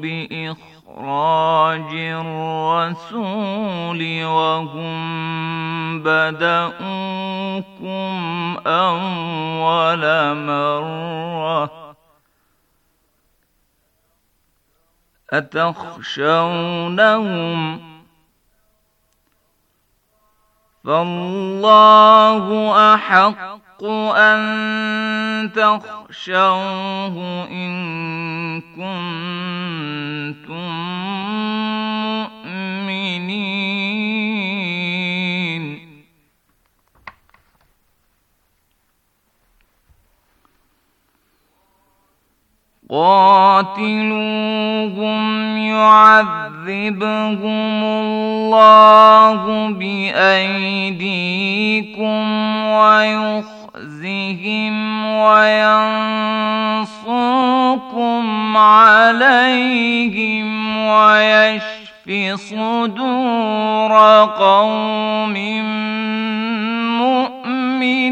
بإخراج الرسول وهم بدأوكم أول مرة أتخشونهم فالله أحق أن تخشوه إن كنتم قاتلوهم يعذبهم الله بأيديكم ويخزهم وينصركم عليهم ويشف صدور قوم مؤمنين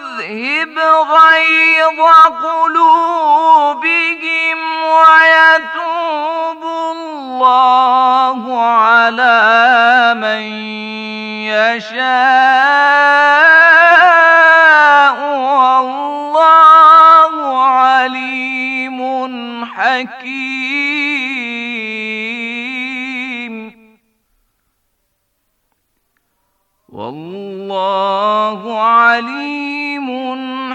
يذهب غيظ قلوبهم ويتوب الله على من يشاء والله عليم حكيم والله عليم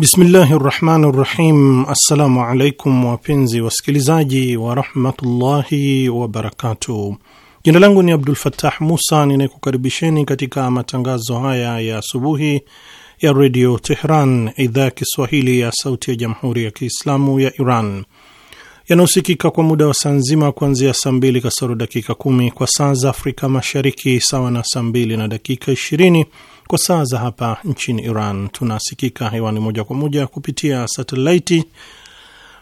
Bismillahi rahmani rahim. Assalamu alaikum wapenzi wasikilizaji warahmatullahi wabarakatuh. Jina langu ni Abdul Fattah Musa ninayekukaribisheni katika matangazo haya ya asubuhi ya redio Tehran, idhaa ya Kiswahili ya sauti ya jamhuri ya Kiislamu ya Iran yanayosikika kwa muda wa saa nzima kuanzia saa mbili kasoro dakika kumi kwa saa za Afrika Mashariki, sawa na saa mbili na dakika ishirini kwa saa za hapa nchini Iran tunasikika hewani moja kwa moja kupitia satelaiti,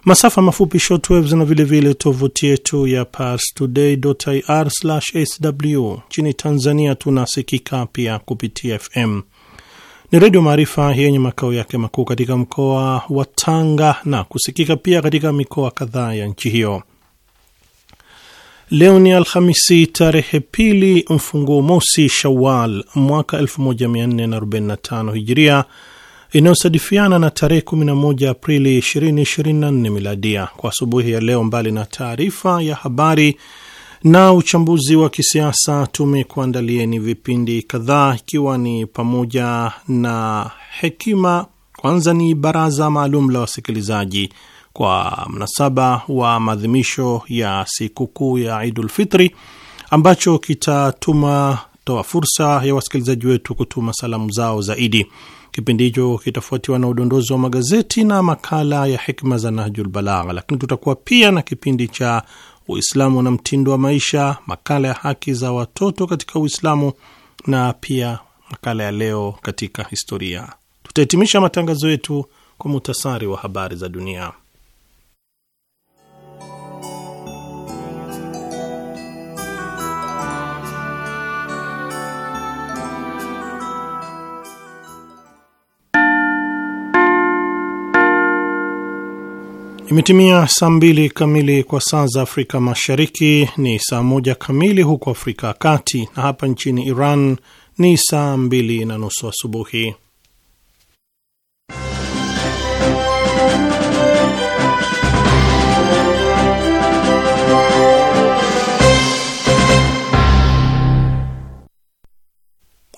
masafa mafupi shortwave na vilevile tovuti yetu ya parstoday.ir/sw. Nchini Tanzania tunasikika pia kupitia FM ni Redio Maarifa yenye makao yake makuu katika mkoa wa Tanga na kusikika pia katika mikoa kadhaa ya nchi hiyo. Leo ni Alhamisi tarehe pili mfunguo mosi Shawal mwaka 1445 Hijiria, inayosadifiana na tarehe 11 Aprili 2024 Miladia. Kwa asubuhi ya leo, mbali na taarifa ya habari na uchambuzi wa kisiasa, tumekuandalieni vipindi kadhaa, ikiwa ni pamoja na hekima. Kwanza ni baraza maalum la wasikilizaji kwa mnasaba wa maadhimisho ya sikukuu ya Idul ambacho kitatuma toa fursa ya wasikilizaji wetu kutuma salamu zao zaidi. Kipindi hicho kitafuatiwa na udondozi wa magazeti na makala ya hikma za Nahjul Balagha, lakini tutakuwa pia na kipindi cha Uislamu na mtindo wa maisha, makala ya haki za watoto katika Uislamu na pia makala ya leo katika historia. Tutahitimisha matangazo yetu kwa muhtasari wa habari za dunia. Imetimia saa mbili kamili kwa saa za Afrika Mashariki, ni saa moja kamili huko Afrika ya Kati, na hapa nchini Iran ni saa mbili na nusu asubuhi.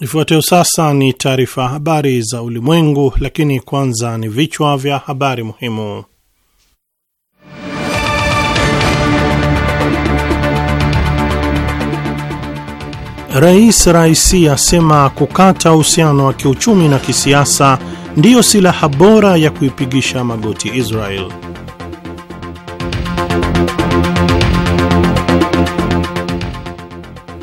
Ifuatayo sasa ni taarifa habari za ulimwengu, lakini kwanza ni vichwa vya habari muhimu. Rais Raisi asema kukata uhusiano wa kiuchumi na kisiasa ndiyo silaha bora ya kuipigisha magoti Israel.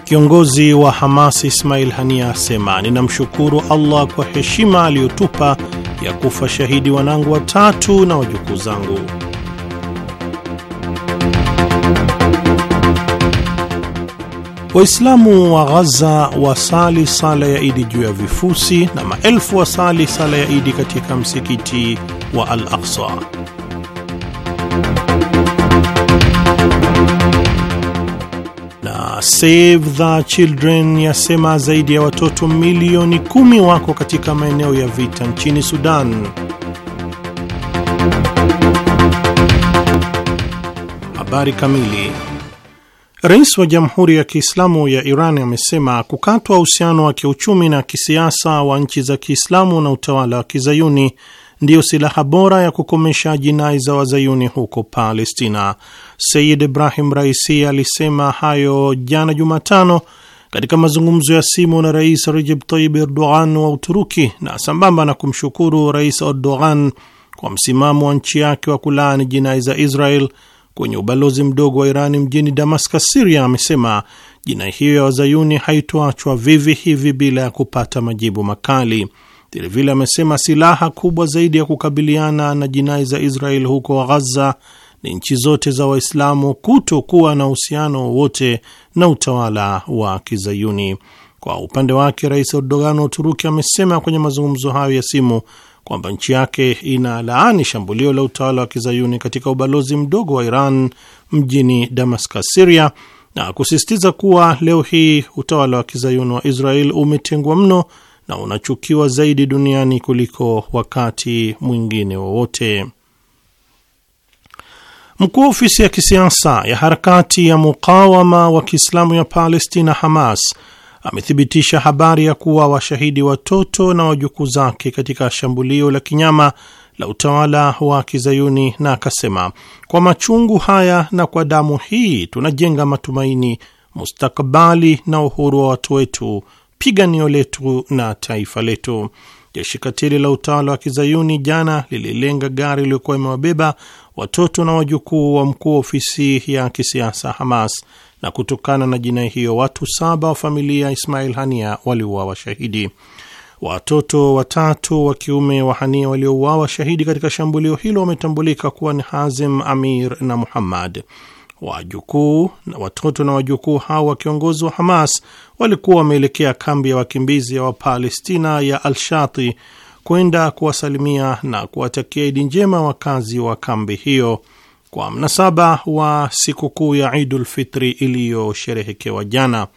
Kiongozi wa Hamas Ismail Hania asema ninamshukuru Allah kwa heshima aliyotupa ya kufa shahidi wanangu watatu na wajukuu zangu. Waislamu wa Ghaza wasali sala ya Idi juu ya vifusi na maelfu wasali sala ya Idi katika msikiti wa Al-Aqsa. Na Save the Children yasema zaidi ya watoto milioni kumi wako katika maeneo ya vita nchini Sudan. Habari kamili Rais wa Jamhuri ya Kiislamu ya Iran amesema kukatwa uhusiano wa kiuchumi na kisiasa wa nchi za Kiislamu na utawala wa kizayuni ndiyo silaha bora ya kukomesha jinai za wazayuni huko Palestina. Sayid Ibrahim Raisi alisema hayo jana Jumatano katika mazungumzo ya simu na Rais Recep Tayyip Erdogan wa Uturuki, na sambamba na kumshukuru Rais Erdogan kwa msimamo wa nchi yake wa kulaani jinai za Israel kwenye ubalozi mdogo wa Irani mjini Damascus, Siria, amesema jinai hiyo ya wazayuni haitoachwa vivi hivi bila ya kupata majibu makali. Vilevile amesema silaha kubwa zaidi ya kukabiliana na jinai za Israel huko Ghaza ni nchi zote za Waislamu kutokuwa na uhusiano wowote na utawala wa Kizayuni. Kwa upande wake, rais Erdogan wa Uturuki amesema kwenye mazungumzo hayo ya simu kwamba nchi yake ina laani shambulio la utawala wa kizayuni katika ubalozi mdogo wa Iran mjini Damascus, Siria, na kusisitiza kuwa leo hii utawala wa kizayuni wa Israel umetengwa mno na unachukiwa zaidi duniani kuliko wakati mwingine wowote. Mkuu wa ofisi ya kisiasa ya harakati ya mukawama wa Kiislamu ya Palestina, Hamas, amethibitisha habari ya kuwa washahidi watoto na wajukuu zake katika shambulio la kinyama la utawala wa Kizayuni, na akasema kwa machungu haya na kwa damu hii tunajenga matumaini, mustakabali na uhuru wa watu wetu, piganio letu na taifa letu. Jeshi katili la utawala wa Kizayuni jana lililenga gari iliyokuwa imewabeba watoto na wajukuu wa mkuu wa ofisi ya kisiasa Hamas na kutokana na jinai hiyo watu saba wa familia Ismail Hania waliuawa shahidi. Watoto watatu wa kiume wa Hania waliouawa shahidi katika shambulio hilo wametambulika kuwa ni Hazim, Amir na Muhammad. Wajukuu na watoto na wajukuu hao wa kiongozi wa Hamas walikuwa wameelekea kambi ya wakimbizi ya Wapalestina ya Alshati kwenda kuwasalimia na kuwatakia idi njema wakazi wa kambi hiyo kwa mnasaba wa sikukuu ya idulfitri Fitri iliyosherehekewa jana.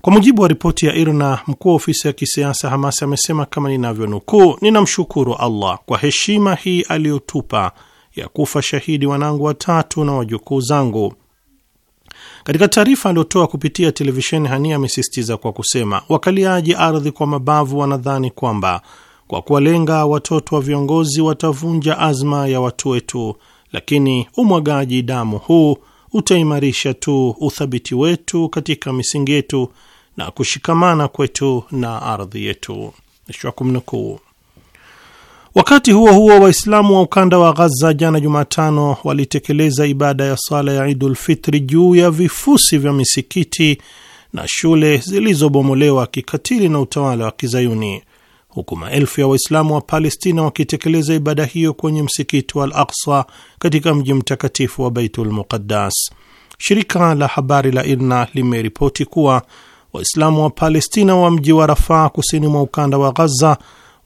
Kwa mujibu wa ripoti ya IRNA, mkuu wa ofisi ya kisiasa Hamas amesema kama ninavyonukuu, ninamshukuru Allah kwa heshima hii aliyotupa ya kufa shahidi wanangu watatu na wajukuu zangu. Katika taarifa aliyotoa kupitia televisheni, Hania amesisitiza kwa kusema, wakaliaji ardhi kwa mabavu wanadhani kwamba kwa kuwalenga watoto wa viongozi watavunja azma ya watu wetu lakini umwagaji damu huu utaimarisha tu uthabiti wetu katika misingi yetu na kushikamana kwetu na ardhi yetu. Kumnukuu. Wakati huo huo, Waislamu wa ukanda wa Ghaza jana Jumatano walitekeleza ibada ya swala ya Idul Fitri juu ya vifusi vya misikiti na shule zilizobomolewa kikatili na utawala wa Kizayuni huku maelfu ya Waislamu wa Palestina wakitekeleza ibada hiyo kwenye msikiti wa Al Aksa katika mji mtakatifu wa Baitul Muqaddas. Shirika la habari la IRNA limeripoti kuwa Waislamu wa Palestina wa mji wa Rafaa kusini mwa ukanda wa Ghaza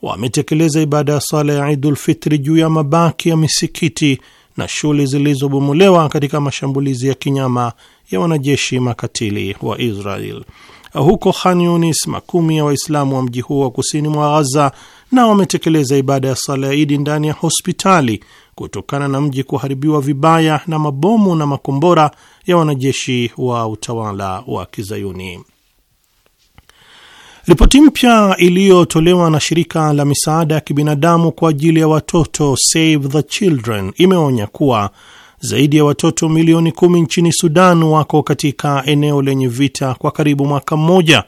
wametekeleza ibada ya sala ya Idul juu ya mabaki ya misikiti na shule zilizobomolewa katika mashambulizi ya kinyama ya wanajeshi makatili wa Israel huko Khan Yunis, makumi ya Waislamu wa mji huo wa kusini mwa Ghaza na wametekeleza ibada ya sala ya Idi ndani ya hospitali kutokana na mji kuharibiwa vibaya na mabomu na makombora ya wanajeshi wa utawala wa Kizayuni. Ripoti mpya iliyotolewa na shirika la misaada ya kibinadamu kwa ajili ya watoto Save the Children imeonya kuwa zaidi ya watoto milioni kumi nchini Sudan wako katika eneo lenye vita kwa karibu mwaka mmoja,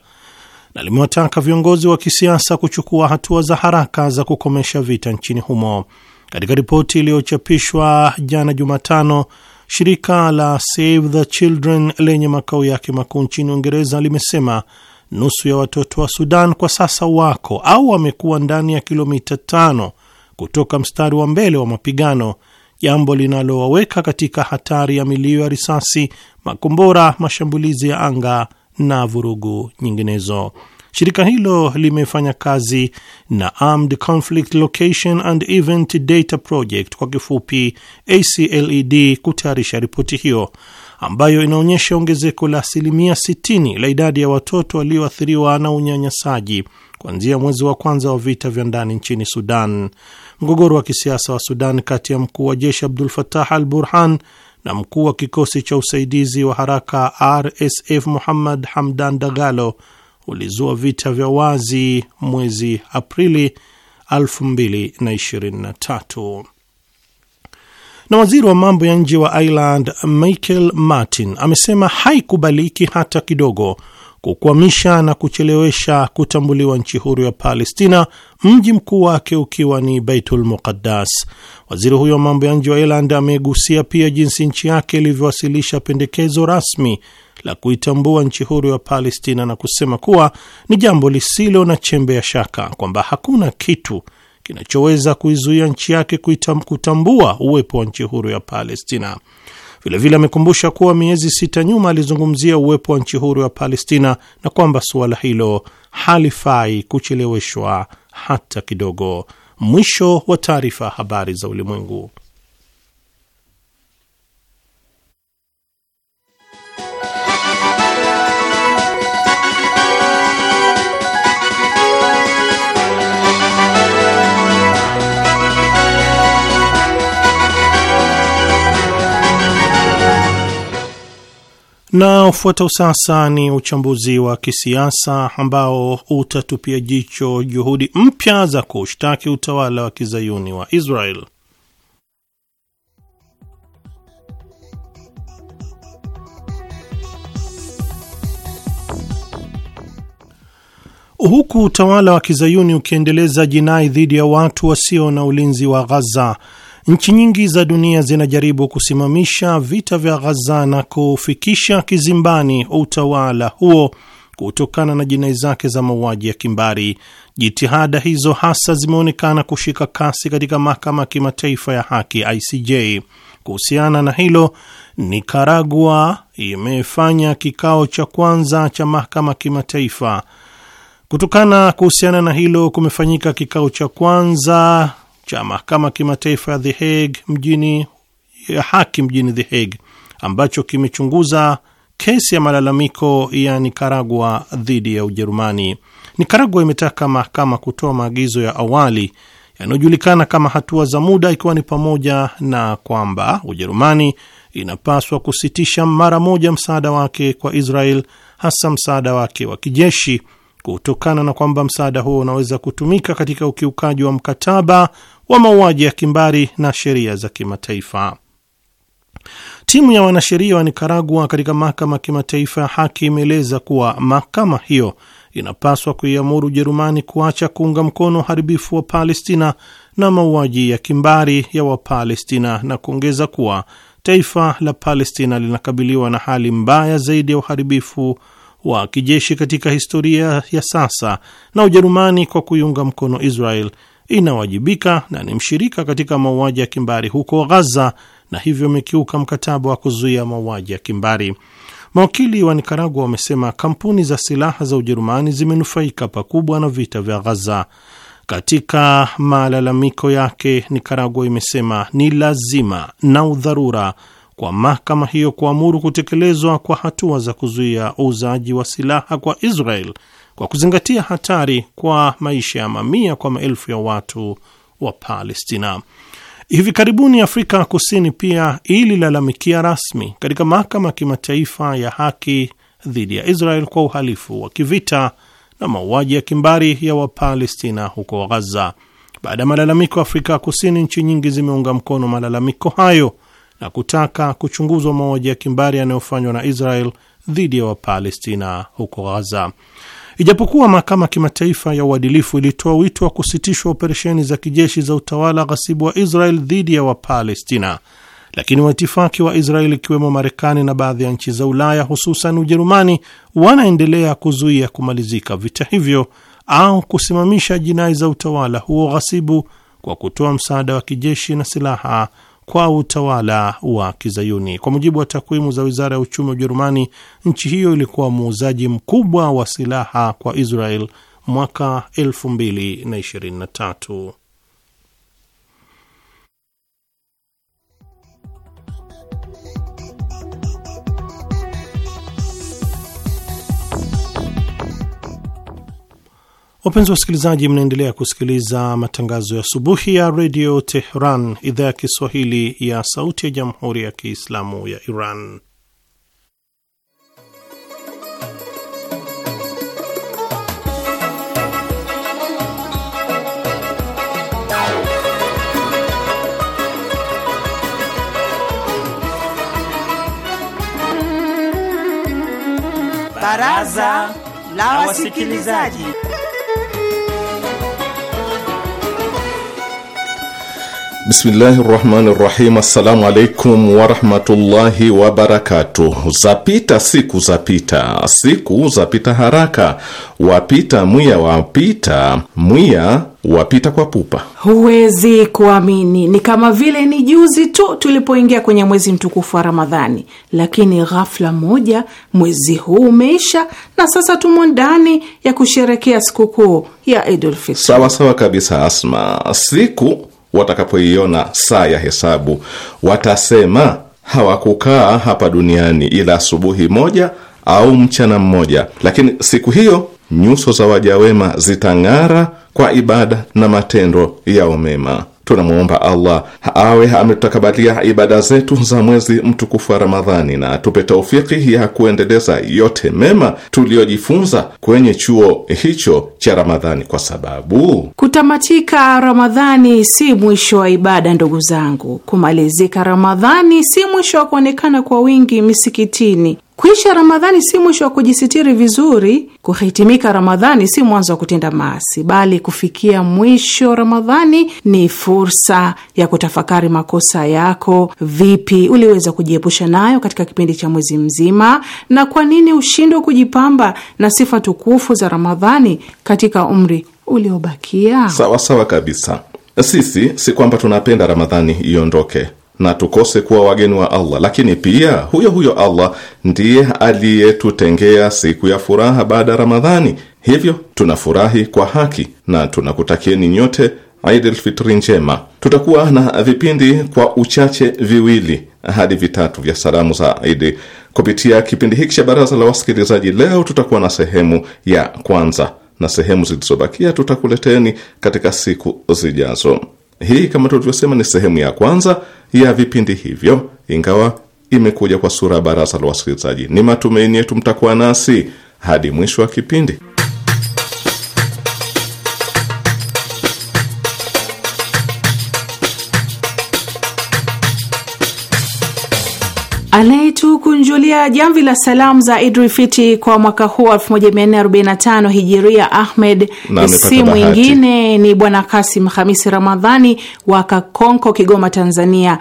na limewataka viongozi wa kisiasa kuchukua hatua za haraka za kukomesha vita nchini humo. Katika ripoti iliyochapishwa jana Jumatano, shirika la Save the Children lenye makao yake makuu nchini Uingereza limesema nusu ya watoto wa Sudan kwa sasa wako au wamekuwa ndani ya kilomita tano kutoka mstari wa mbele wa mapigano jambo linalowaweka katika hatari ya milio ya risasi, makombora, mashambulizi ya anga na vurugu nyinginezo. Shirika hilo limefanya kazi na Armed Conflict Location and Event Data Project, kwa kifupi ACLED, kutayarisha ripoti hiyo ambayo inaonyesha ongezeko la asilimia 60 la idadi ya watoto walioathiriwa na unyanyasaji kuanzia mwezi wa kwanza wa vita vya ndani nchini Sudan. Mgogoro wa kisiasa wa Sudan kati ya mkuu wa jeshi Abdul Fatah al Burhan na mkuu wa kikosi cha usaidizi wa haraka RSF Muhammad Hamdan Dagalo ulizua vita vya wazi mwezi Aprili 2023 na waziri wa mambo ya nje wa Ireland Michael Martin amesema haikubaliki hata kidogo kukwamisha na kuchelewesha kutambuliwa nchi huru ya Palestina, mji mkuu wake ukiwa ni Baitul Muqaddas. Waziri huyo wa mambo ya nje wa Ireland amegusia pia jinsi nchi yake ilivyowasilisha pendekezo rasmi la kuitambua nchi huru ya Palestina na kusema kuwa ni jambo lisilo na chembe ya shaka kwamba hakuna kitu kinachoweza kuizuia nchi yake kutambua uwepo wa nchi huru ya Palestina. Vilevile amekumbusha kuwa miezi sita nyuma alizungumzia uwepo wa nchi huru ya Palestina na kwamba suala hilo halifai kucheleweshwa hata kidogo. Mwisho wa taarifa. Habari za Ulimwengu. Na ufuata sasa ni uchambuzi wa kisiasa ambao utatupia jicho juhudi mpya za kushtaki utawala wa kizayuni wa Israel. Huku utawala wa kizayuni ukiendeleza jinai dhidi ya watu wasio na ulinzi wa Ghaza, Nchi nyingi za dunia zinajaribu kusimamisha vita vya Ghaza na kufikisha kizimbani utawala huo kutokana na jinai zake za mauaji ya kimbari. Jitihada hizo hasa zimeonekana kushika kasi katika mahakama ya kimataifa ya haki ICJ. Kuhusiana na hilo, Nikaragua imefanya kikao cha kwanza cha mahakama kimataifa kutokana kuhusiana na hilo kumefanyika kikao cha kwanza cha mahakama kimataifa ya The Hague mjini ya haki mjini The Hague ambacho kimechunguza kesi ya malalamiko ya Nikaragua dhidi ya Ujerumani. Nikaragua imetaka mahakama kutoa maagizo ya awali yanayojulikana kama hatua za muda, ikiwa ni pamoja na kwamba Ujerumani inapaswa kusitisha mara moja msaada wake kwa Israel, hasa msaada wake wa kijeshi, kutokana na kwamba msaada huo unaweza kutumika katika ukiukaji wa mkataba wa mauaji ya kimbari na sheria za kimataifa. Timu ya wanasheria wa Nikaragua katika mahakama ya kimataifa ya haki imeeleza kuwa mahakama hiyo inapaswa kuiamuru Ujerumani kuacha kuunga mkono uharibifu wa Palestina na mauaji ya kimbari ya Wapalestina na kuongeza kuwa taifa la Palestina linakabiliwa na hali mbaya zaidi ya uharibifu wa kijeshi katika historia ya sasa, na Ujerumani kwa kuiunga mkono Israel inawajibika na ni mshirika katika mauaji ya kimbari huko Ghaza na hivyo imekiuka mkataba wa kuzuia mauaji ya kimbari. Mawakili wa Nikaragua wamesema kampuni za silaha za Ujerumani zimenufaika pakubwa na vita vya Ghaza. Katika malalamiko yake, Nikaragua imesema ni lazima na udharura kwa mahakama hiyo kuamuru kutekelezwa kwa hatua za kuzuia uuzaji wa silaha kwa Israel kwa kuzingatia hatari kwa maisha ya mamia kwa maelfu ya watu wa Palestina. Hivi karibuni Afrika Kusini pia ililalamikia rasmi katika mahakama ya kimataifa ya haki dhidi ya Israel kwa uhalifu wa kivita na mauaji ya kimbari ya Wapalestina huko Ghaza. Baada ya malalamiko Afrika ya Kusini, nchi nyingi zimeunga mkono malalamiko hayo na kutaka kuchunguzwa mauaji ya kimbari yanayofanywa na Israel dhidi ya Wapalestina huko Ghaza. Ijapokuwa mahakama ya kimataifa ya uadilifu ilitoa wito wa kusitishwa operesheni za kijeshi za utawala ghasibu wa Israel dhidi ya Wapalestina, lakini waitifaki wa Israel ikiwemo Marekani na baadhi ya nchi za Ulaya hususan Ujerumani wanaendelea kuzuia kumalizika vita hivyo au kusimamisha jinai za utawala huo ghasibu kwa kutoa msaada wa kijeshi na silaha kwa utawala wa Kizayuni. Kwa mujibu wa takwimu za wizara ya uchumi wa Ujerumani, nchi hiyo ilikuwa muuzaji mkubwa wa silaha kwa Israel mwaka 2023. Wapenzi wasikilizaji, mnaendelea kusikiliza matangazo ya subuhi ya redio Tehran, idhaa ya Kiswahili ya sauti ya jamhuri ya Kiislamu ya Iran. Baraza la Wasikilizaji. Bismillahi rahmani rahim. Assalamu alaikum warahmatullahi wabarakatuh. Zapita siku zapita, siku zapita haraka, wapita mwiya wapita mwiya wapita kwa pupa. Huwezi kuamini, ni kama vile ni juzi tu tulipoingia kwenye mwezi mtukufu wa Ramadhani, lakini ghafla moja mwezi huu umeisha na sasa tumo ndani ya kusherekea sikukuu ya Idul Fitri. Sawa sawa kabisa, Asma, siku watakapoiona saa ya hesabu, watasema hawakukaa hapa duniani ila asubuhi moja au mchana mmoja, lakini siku hiyo nyuso za waja wema zitang'ara kwa ibada na matendo yao mema. Tunamwomba Allah awe ametutakabalia ibada zetu za mwezi mtukufu wa Ramadhani na atupe taufiki ya kuendeleza yote mema tuliyojifunza kwenye chuo hicho cha Ramadhani, kwa sababu kutamatika Ramadhani si mwisho wa ibada. Ndugu zangu, kumalizika Ramadhani si mwisho wa kuonekana kwa wingi misikitini Kuisha Ramadhani si mwisho wa kujisitiri vizuri. Kuhitimika Ramadhani si mwanzo wa kutenda maasi, bali kufikia mwisho Ramadhani ni fursa ya kutafakari makosa yako, vipi uliweza kujiepusha nayo katika kipindi cha mwezi mzima, na kwa nini ushindwe kujipamba na sifa tukufu za Ramadhani katika umri uliobakia. Sawasawa kabisa. Sisi si kwamba tunapenda Ramadhani iondoke na tukose kuwa wageni wa Allah. Lakini pia huyo huyo Allah ndiye aliyetutengea siku ya furaha baada ya Ramadhani, hivyo tunafurahi kwa haki na tunakutakieni nyote al-Fitr njema. Tutakuwa na vipindi kwa uchache viwili hadi vitatu vya salamu za Idi kupitia kipindi hiki cha baraza la wasikilizaji. Leo tutakuwa na sehemu ya kwanza na sehemu zilizobakia tutakuleteni katika siku zijazo. Hii kama tulivyosema, ni sehemu ya kwanza ya vipindi hivyo, ingawa imekuja kwa sura ya baraza la wasikilizaji. Ni matumaini yetu mtakuwa nasi hadi mwisho wa kipindi. kumjulia jamvi la salamu za Idrifiti kwa mwaka huu 1445 hijiria Ahmed si mwingine ni Bwana Kasim Hamisi Ramadhani wa Kakonko, Kigoma, Tanzania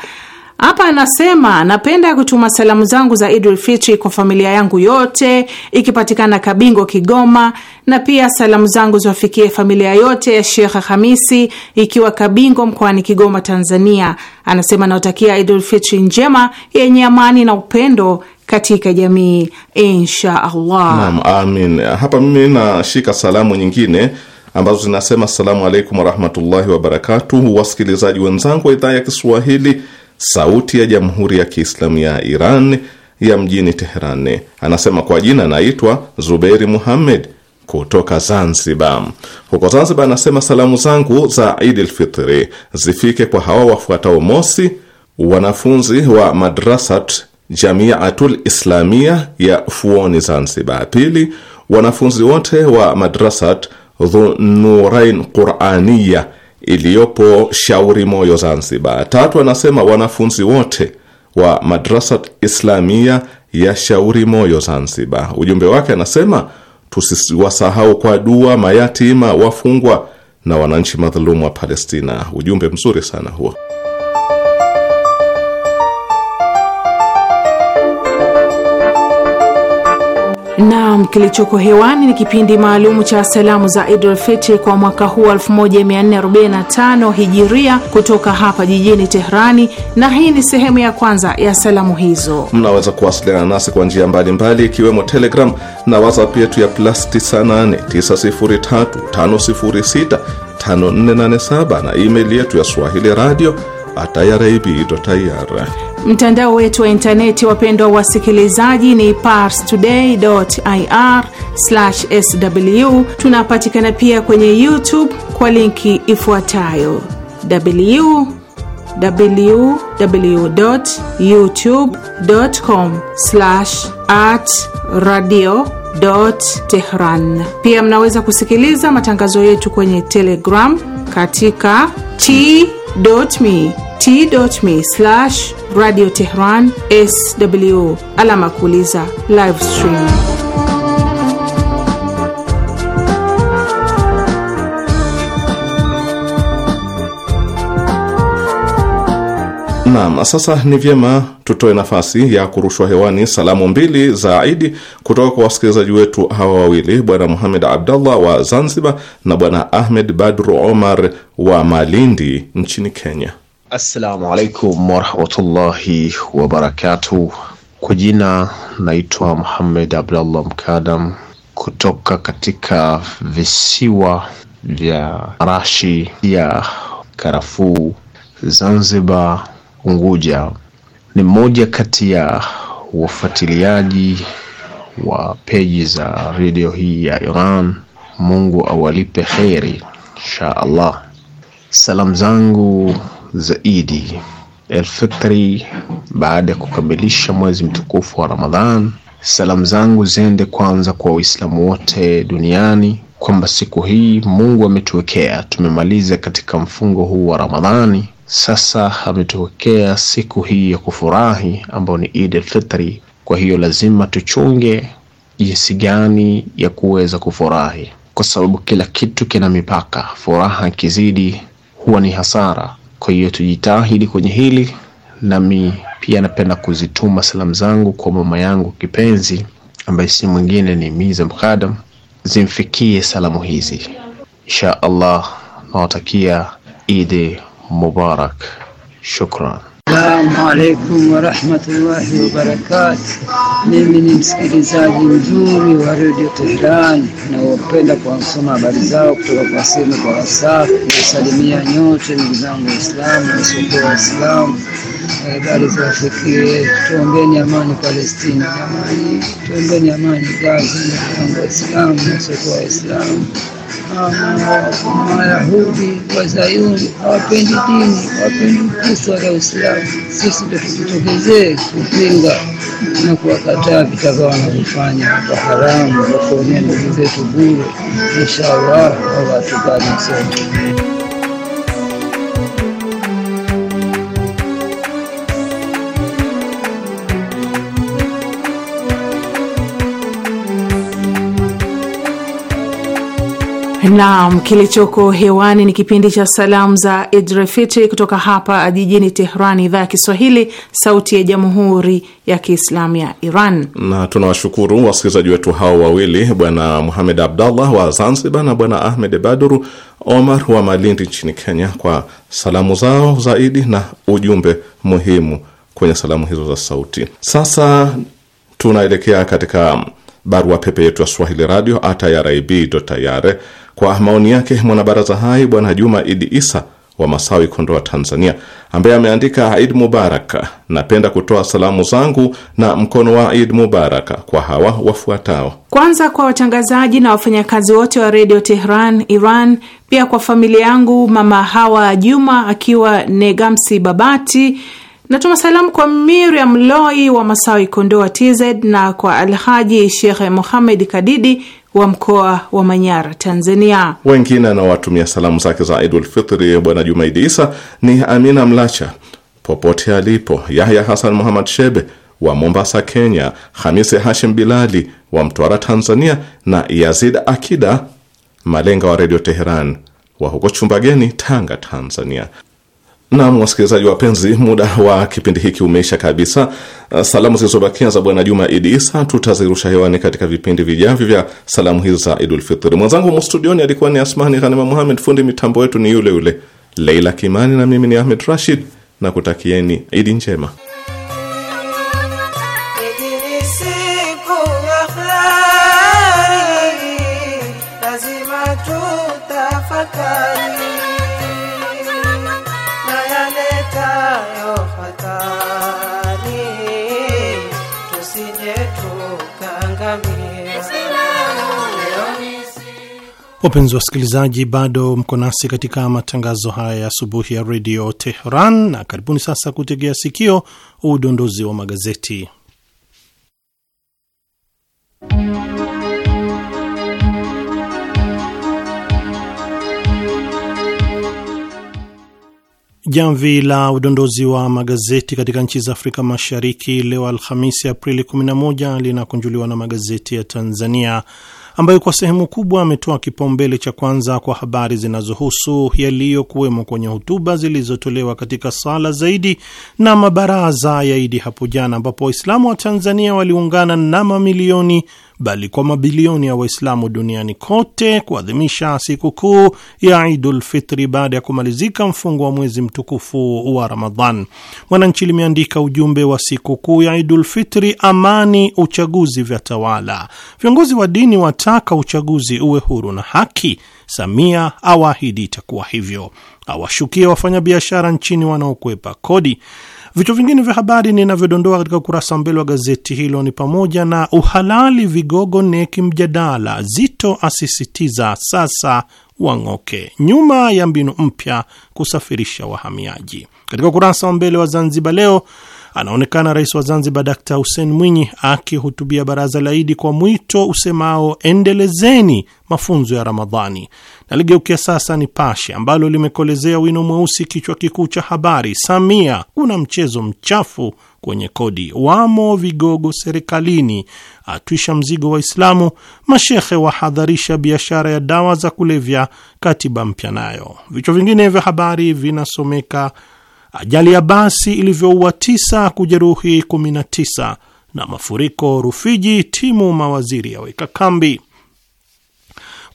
hapa anasema napenda kutuma salamu zangu za Idul Fitri kwa familia yangu yote ikipatikana Kabingo, Kigoma, na pia salamu zangu ziwafikie familia yote ya Sheikh Hamisi ikiwa Kabingo mkoani Kigoma, Tanzania. Anasema nawatakia Idul Fitri njema yenye amani na upendo katika jamii insha Allah. Naam, amin. Hapa mimi nashika salamu nyingine ambazo zinasema, assalamu alaikum warahmatullahi wabarakatuh, wasikilizaji wenzangu wa idhaa ya Kiswahili Sauti ya Jamhuri ya Kiislamu ya Iran ya mjini Teherani. Anasema kwa jina naitwa Zuberi Muhammed kutoka Zanzibar. Huko Zanzibar anasema salamu zangu za Idi lfitri zifike kwa hawa wafuatao: mosi, wanafunzi wa madrasat Jamiatul Islamia ya Fuoni Zanzibar; pili, wanafunzi wote wa madrasat Dhunurain Quraniya iliyopo Shauri Moyo, Zanzibar. Tatu, anasema wanafunzi wote wa Madrasa Islamia ya Shauri Moyo, Zanzibar. Ujumbe wake anasema tusiwasahau kwa dua mayatima, wafungwa na wananchi madhulumu wa Palestina. Ujumbe mzuri sana huo. Naam, kilichoko hewani ni kipindi maalumu cha salamu za Idul Fitri kwa mwaka huu 1445 Hijiria kutoka hapa jijini Teherani, na hii ni sehemu ya kwanza ya salamu hizo. Mnaweza kuwasiliana nasi kwa njia mbalimbali ikiwemo Telegram na WhatsApp yetu ya plus 989035065487 na email yetu ya swahili radio atayaraib.ir. Mtandao wetu wa intaneti, wapendwa wasikilizaji, ni parstoday.ir/sw. Tunapatikana pia kwenye YouTube kwa linki ifuatayo www.youtube.com/radio Tehran. Pia mnaweza kusikiliza matangazo yetu kwenye Telegram katika t me, t.me slash Radio Tehran sw alama kuuliza live stream Naam, sasa ni vyema tutoe nafasi ya kurushwa hewani salamu mbili za Idi kutoka kwa wasikilizaji wetu hawa wawili, Bwana Muhamed Abdallah wa Zanzibar na Bwana Ahmed Badru Omar wa Malindi nchini Kenya. Assalamu alaikum warahmatullahi wabarakatu. Kwa jina naitwa Muhamed Abdallah Mkadam kutoka katika visiwa vya Rashi ya karafuu Zanzibar Unguja ni mmoja kati ya wafuatiliaji wa peji za redio hii ya Iran. Mungu awalipe kheri insha Allah. Salamu zangu zaidi Elfitri baada ya kukamilisha mwezi mtukufu wa Ramadhan. Salamu zangu ziende kwanza kwa Waislamu wote duniani kwamba siku hii Mungu ametuwekea tumemaliza katika mfungo huu wa Ramadhani sasa ametokea siku hii ya kufurahi ambayo ni Eid al-Fitri. Kwa hiyo lazima tuchunge jinsi gani ya kuweza kufurahi, kwa sababu kila kitu kina mipaka. Furaha kizidi huwa ni hasara. Kwa hiyo tujitahidi kwenye hili, nami pia napenda kuzituma salamu zangu kwa mama yangu kipenzi ambaye si mwingine ni Miza Mkadam, zimfikie salamu hizi insha Allah. Nawatakia Idi Mubarak. Shukran. Assalamu alaikum warahmatullahi wabarakatu. Mimi ni msikilizaji mzuri wa redio tehran nawapenda kuwasoma habari zao kutoka kwa simu kwa WhatsApp. Nawasalimia nyote ndugu zangu Waislamu wasiokuwa Waislamu, habari ziwafikie. Tuombeni amani Palestina, amani tuombeni amani Gaza, ndugu zangu Waislamu wasiokuwa Waislamu wayahudi Wazayuni hawapendi dini, hawapendi Ukristo wala Uislamu. Sisi ndio tukitokezee kupinga na kuwakataa vitaka wanavyofanya kwa haramu, wakuonea ndugu zetu bure. Inshallah Allah atukubali sote. Naam, kilichoko hewani ni kipindi cha salamu za Idrefiti kutoka hapa jijini Tehrani, idhaa ya Kiswahili, sauti ya jamhuri ya kiislamu ya Iran. Na tunawashukuru wasikilizaji wetu hao wawili, Bwana Muhamed Abdallah wa Zanzibar na Bwana Ahmed Baduru Omar wa Malindi nchini Kenya kwa salamu zao zaidi na ujumbe muhimu kwenye salamu hizo za sauti. Sasa tunaelekea katika barua pepe yetu ya swahili radio at irib.ir kwa maoni yake mwanabaraza hai Bwana Juma Idi Isa wa Masawi, Kondoa, Tanzania, ambaye ameandika Id Mubarak, napenda kutoa salamu zangu na mkono wa id Mubarak kwa hawa wafuatao: kwanza kwa watangazaji na wafanyakazi wote wa redio Tehran Iran, pia kwa familia yangu, mama Hawa Juma akiwa Negamsi Babati. Natuma salamu kwa Miriam Loi wa Masawi, Kondoa, TZ na kwa Alhaji Shekhe Mohamed Kadidi wa mkoa wa Manyara, Tanzania. Wengine anawatumia salamu zake za Idul Fitri Bwana Jumaidi Isa ni Amina Mlacha popote alipo, Yahya Hasan Muhammad Shebe wa Mombasa, Kenya, Hamisi Hashim Bilali wa Mtwara, Tanzania, na Yazid Akida Malenga wa Redio Teheran wa huko Chumbageni, Tanga, Tanzania. Nam wasikilizaji wapenzi, muda wa kipindi hiki umeisha kabisa. Uh, salamu zilizobakia za Bwana Juma Idi Isa tutazirusha hewani katika vipindi vijavyo vya salamu hizi za Idulfitri. Mwenzangu mustudioni alikuwa ni Asmani Ghanima Muhamed, fundi mitambo wetu ni yule yule Leila Kimani, na mimi ni Ahmed Rashid na kutakieni Idi njema. Wapenzi wasikilizaji, bado mko nasi katika matangazo haya ya asubuhi ya redio Tehran, na karibuni sasa kutegea sikio udondozi wa magazeti. Jamvi la udondozi wa magazeti katika nchi za Afrika Mashariki leo Alhamisi, Aprili 11 linakunjuliwa na magazeti ya Tanzania ambayo kwa sehemu kubwa ametoa kipaumbele cha kwanza kwa habari zinazohusu yaliyokuwemo kwenye hutuba zilizotolewa katika sala zaidi na mabaraza ya Idi hapo jana, ambapo Waislamu wa Tanzania waliungana na mamilioni bali kwa mabilioni ya Waislamu duniani kote kuadhimisha sikukuu ya Idul Fitri baada ya kumalizika mfungo wa mwezi mtukufu wa Ramadhan. Mwananchi limeandika ujumbe wa sikukuu ya Idul Fitri, amani, uchaguzi vya tawala. Viongozi wa dini wataka uchaguzi uwe huru na haki. Samia awaahidi itakuwa hivyo, awashukia wafanyabiashara nchini wanaokwepa kodi. Vichwa vingine vya habari ninavyodondoa katika ukurasa wa mbele wa gazeti hilo ni pamoja na uhalali vigogo neki mjadala, Zito asisitiza sasa wang'oke nyuma ya mbinu mpya kusafirisha wahamiaji. Katika ukurasa wa mbele wa Zanzibar Leo anaonekana Rais wa Zanzibar Dkt Hussein Mwinyi akihutubia baraza la Idi kwa mwito usemao endelezeni mafunzo ya Ramadhani. Naligeukia sasa ni pashe ambalo limekolezea wino mweusi kichwa kikuu cha habari, Samia kuna mchezo mchafu kwenye kodi, wamo vigogo serikalini, atwisha mzigo Waislamu, mashehe wahadharisha biashara ya dawa za kulevya, katiba mpya nayo. Vichwa vingine vya habari vinasomeka ajali ya basi ilivyoua tisa kujeruhi 19 na mafuriko Rufiji, timu mawaziri yaweka kambi.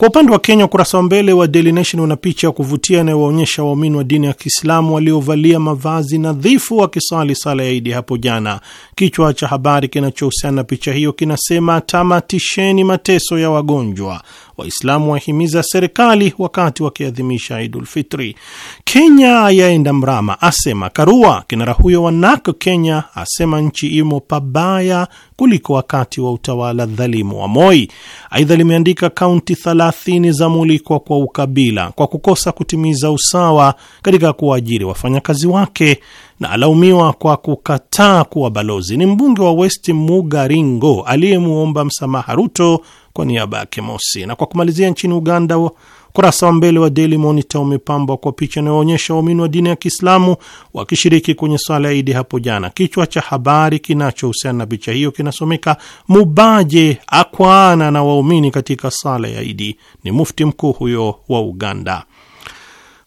Kwa upande wa Kenya, ukurasa wa mbele wa Daily Nation una picha ya kuvutia inayowaonyesha waumini wa dini ya Kiislamu waliovalia mavazi nadhifu wakisali sala ya Idi hapo jana. Kichwa cha habari kinachohusiana na picha hiyo kinasema tamatisheni mateso ya wagonjwa, Waislamu wahimiza serikali wakati wakiadhimisha Idulfitri. Kenya yaenda mrama, asema Karua. Kinara huyo wa NAK Kenya asema nchi imo pabaya kuliko wakati wa utawala dhalimu wa Moi. Aidha limeandika kaunti 30 za mulikwa kwa ukabila kwa kukosa kutimiza usawa katika kuwaajiri wafanyakazi wake, na alaumiwa kwa kukataa kuwa balozi ni mbunge wa West Mugaringo aliyemwomba msamaha Ruto kwa niaba yake Mosi. Na kwa kumalizia, nchini Uganda, ukurasa wa mbele wa Daily Monitor umepambwa kwa picha inayoonyesha waumini wa dini ya Kiislamu wakishiriki kwenye swala ya Idi hapo jana. Kichwa cha habari kinachohusiana na picha hiyo kinasomeka Mubaje akwaana na waumini katika sala ya Idi. Ni mufti mkuu huyo wa Uganda.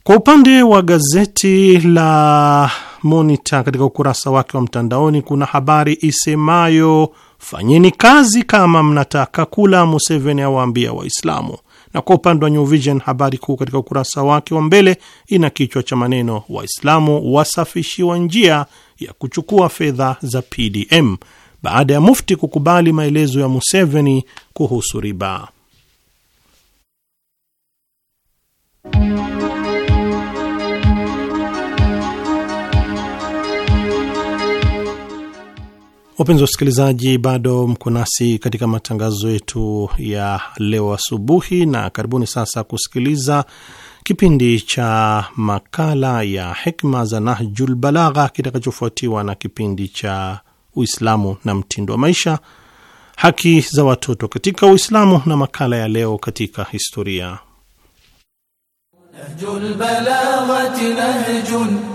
Kwa upande wa gazeti la Monitor katika ukurasa wake wa mtandaoni kuna habari isemayo fanyeni kazi kama mnataka kula, Museveni awaambia Waislamu. Na kwa upande wa New Vision, habari kuu katika ukurasa wake wa mbele ina kichwa cha maneno Waislamu wasafishiwa njia ya kuchukua fedha za PDM baada ya mufti kukubali maelezo ya Museveni kuhusu riba. Wapenzi wa wasikilizaji, bado mko nasi katika matangazo yetu ya leo asubuhi, na karibuni sasa kusikiliza kipindi cha makala ya hikma za Nahjul Balagha kitakachofuatiwa na kipindi cha Uislamu na mtindo wa maisha, haki za watoto katika Uislamu na makala ya leo katika historia Nahjul Balagha, Nahjul.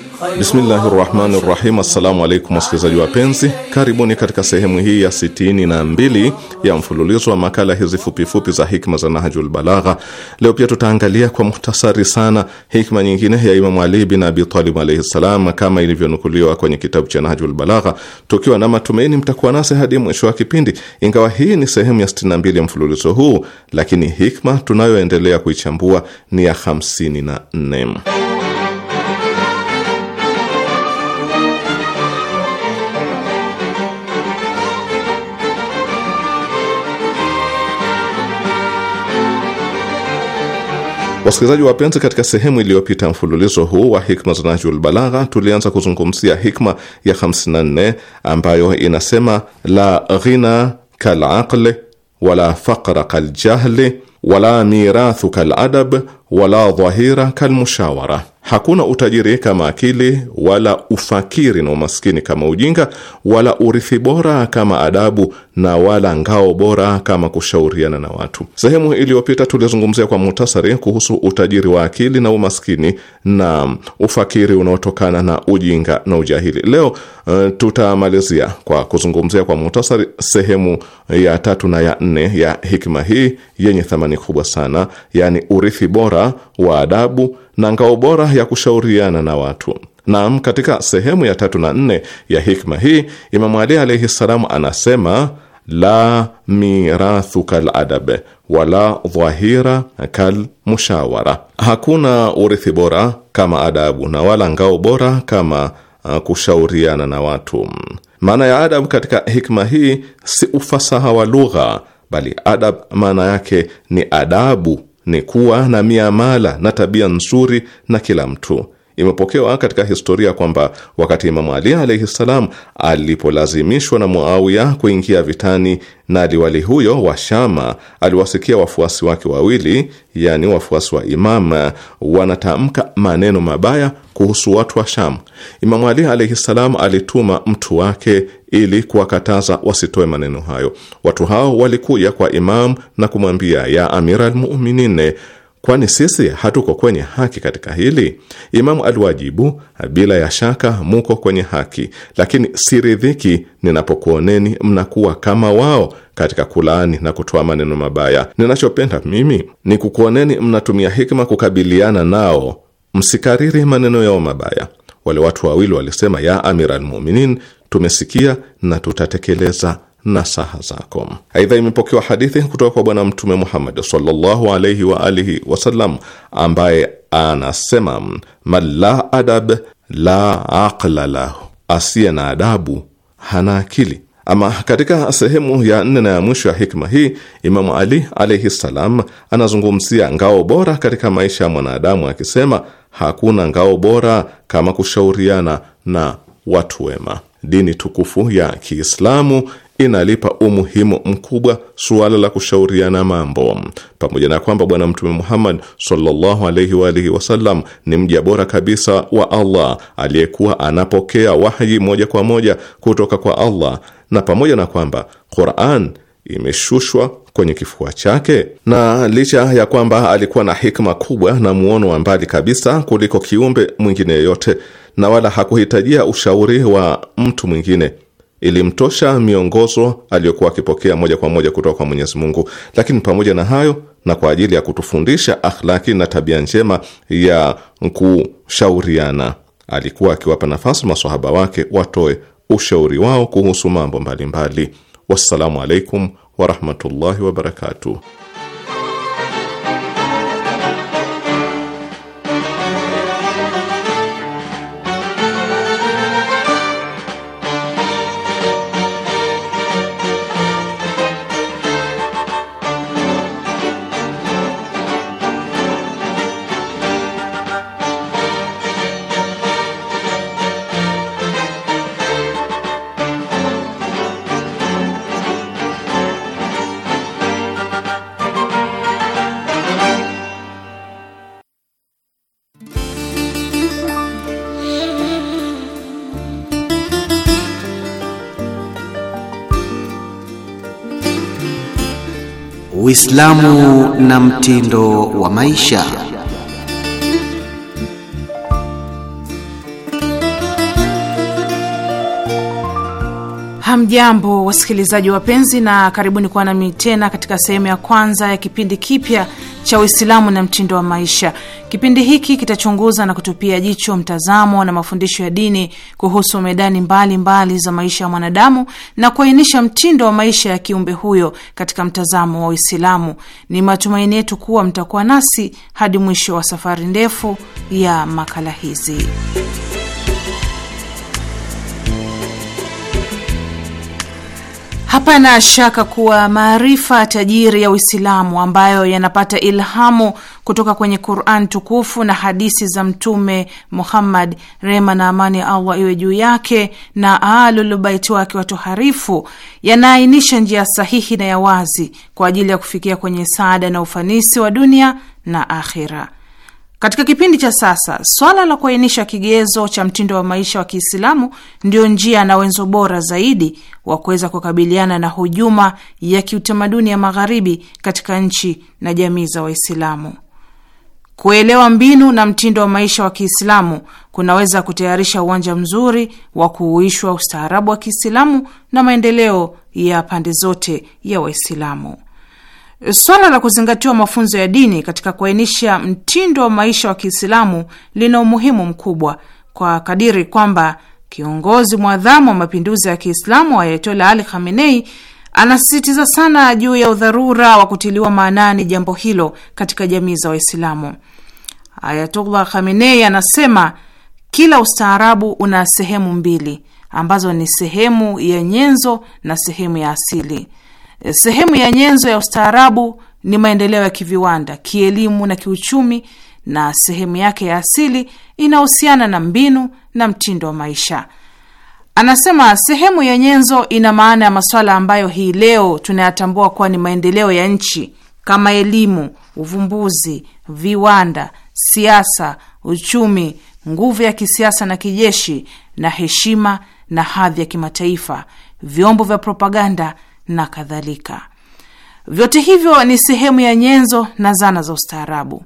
Bismillahi rahmani rahim. Assalamu alaikum wasikilizaji wapenzi, karibuni katika sehemu hii ya sitini na mbili ya mfululizo wa makala hizi fupifupi za hikma za Nahjul Balagha. Leo pia tutaangalia kwa muhtasari sana hikma nyingine ya Imamu Ali bin Abi Talib alaihi ssalam, kama ilivyonukuliwa kwenye kitabu cha Nahjul Balagha, tukiwa na matumaini mtakuwa nasi hadi mwisho wa kipindi. Ingawa hii ni sehemu ya sitini na mbili ya mfululizo huu, lakini hikma tunayoendelea kuichambua ni ya hamsini na nne. Wasikilizaji wapenzi, katika sehemu iliyopita mfululizo huu wa hikma za Najul Balagha tulianza kuzungumzia hikma ya 54 ambayo inasema: la ghina kalaqli wala faqra kaljahli wala mirathu kaladab wala dhahira kalmushawara, hakuna utajiri kama akili, wala ufakiri na umaskini kama ujinga, wala urithi bora kama adabu, na wala ngao bora kama kushauriana na watu. Sehemu iliyopita tulizungumzia kwa muhtasari kuhusu utajiri wa akili na umaskini na ufakiri unaotokana na ujinga na ujahili. Leo uh, tutamalizia kwa kuzungumzia kwa muhtasari sehemu ya tatu na ya nne ya hikma hii yenye thamani kubwa sana, yani urithi bora bora wa adabu na ngao bora ya kushauriana na watu. Naam, katika sehemu ya tatu na nne ya hikma hii Imamu Ali alaihi ssalamu anasema la mirathu kal adab wala dhahira kal mushawara, hakuna urithi bora kama adabu na wala ngao bora kama uh, kushauriana na watu. Maana ya adabu katika hikma hii si ufasaha wa lugha, bali adab maana yake ni adabu ni kuwa na miamala na tabia nzuri na kila mtu Imepokewa katika historia kwamba wakati Imamu Ali alaihi ssalam alipolazimishwa na Muawiya kuingia vitani na liwali huyo wa Shama, aliwasikia wafuasi wake wawili, yani wafuasi wa Imam wanatamka maneno mabaya kuhusu watu wa Sham. Imamu Ali alaihi ssalam alituma mtu wake ili kuwakataza wasitoe maneno hayo. Watu hao walikuja kwa Imam na kumwambia, ya Amira almuminin Kwani sisi hatuko kwenye haki katika hili? Imamu aliwajibu, bila ya shaka muko kwenye haki, lakini siridhiki ninapokuoneni mnakuwa kama wao katika kulaani na kutoa maneno mabaya. Ninachopenda mimi ni kukuoneni mnatumia hikma kukabiliana nao, msikariri maneno yao mabaya. Wale watu wawili walisema, ya amiralmuminin tumesikia na tutatekeleza na saha zako. Aidha, imepokewa hadithi kutoka kwa Bwana Mtume Muhammad sallallahu alaihi wa alihi wasallam ambaye anasema man la adab la aqla lahu, asiye na adabu hana akili. Ama katika sehemu ya nne na ya mwisho ya hikma hii, Imamu Ali alaihi ssalam anazungumzia ngao bora katika maisha ya mwanadamu akisema, hakuna ngao bora kama kushauriana na watu wema. Dini tukufu ya Kiislamu inalipa umuhimu mkubwa suala la kushauriana mambo, pamoja na kwamba Bwana Mtume Muhammad sallallahu alaihi wa alihi wasallam ni mja bora kabisa wa Allah aliyekuwa anapokea wahyi moja kwa moja kutoka kwa Allah, na pamoja na kwamba Qur'an imeshushwa kwenye kifua chake, na licha ya kwamba alikuwa na hikma kubwa na muono wa mbali kabisa kuliko kiumbe mwingine yoyote, na wala hakuhitajia ushauri wa mtu mwingine ilimtosha miongozo aliyokuwa akipokea moja kwa moja kutoka kwa Mwenyezi Mungu. Lakini pamoja na hayo, na kwa ajili ya kutufundisha akhlaki na tabia njema ya kushauriana, alikuwa akiwapa nafasi maswahaba wake watoe ushauri wao kuhusu mambo mbalimbali. Wassalamu alaikum warahmatullahi wabarakatuh. Uislamu na mtindo wa maisha. Hamjambo wasikilizaji wapenzi, na karibuni kuwa nami tena katika sehemu ya kwanza ya kipindi kipya cha Uislamu na mtindo wa maisha. Kipindi hiki kitachunguza na kutupia jicho mtazamo na mafundisho ya dini kuhusu medani mbalimbali mbali za maisha ya mwanadamu na kuainisha mtindo wa maisha ya kiumbe huyo katika mtazamo wa Uislamu. Ni matumaini yetu kuwa mtakuwa nasi hadi mwisho wa safari ndefu ya makala hizi. Hapana shaka kuwa maarifa tajiri ya Uislamu ambayo yanapata ilhamu kutoka kwenye Quran tukufu na hadisi za Mtume Muhammad, rehma na amani ya Allah iwe juu yake na alulubaiti wake watoharifu, yanaainisha njia sahihi na ya wazi kwa ajili ya kufikia kwenye saada na ufanisi wa dunia na akhira. Katika kipindi cha sasa, swala la kuainisha kigezo cha mtindo wa maisha wa Kiislamu ndio njia na wenzo bora zaidi wa kuweza kukabiliana na hujuma ya kiutamaduni ya Magharibi katika nchi na jamii za Waislamu. Kuelewa mbinu na mtindo wa maisha wa Kiislamu kunaweza kutayarisha uwanja mzuri wa kuuishwa ustaarabu wa Kiislamu na maendeleo ya pande zote ya Waislamu. Swala la kuzingatiwa mafunzo ya dini katika kuainisha mtindo wa maisha wa Kiislamu lina umuhimu mkubwa kwa kadiri kwamba kiongozi mwadhamu wa mapinduzi ya Kiislamu Ayatola Ali Khamenei anasisitiza sana juu ya udharura wa kutiliwa maanani jambo hilo katika jamii za Waislamu. Ayatollah Khamenei anasema kila ustaarabu una sehemu mbili ambazo ni sehemu ya nyenzo na sehemu ya asili. Sehemu ya nyenzo ya ustaarabu ni maendeleo ya kiviwanda, kielimu na kiuchumi, na sehemu yake ya asili inahusiana na mbinu na mtindo wa maisha. Anasema sehemu ya nyenzo ina maana ya masuala ambayo hii leo tunayatambua kuwa ni maendeleo ya nchi kama elimu, uvumbuzi, viwanda, siasa, uchumi, nguvu ya kisiasa na kijeshi, na heshima na hadhi ya kimataifa, vyombo vya propaganda na kadhalika. Vyote hivyo ni sehemu ya nyenzo na zana za ustaarabu,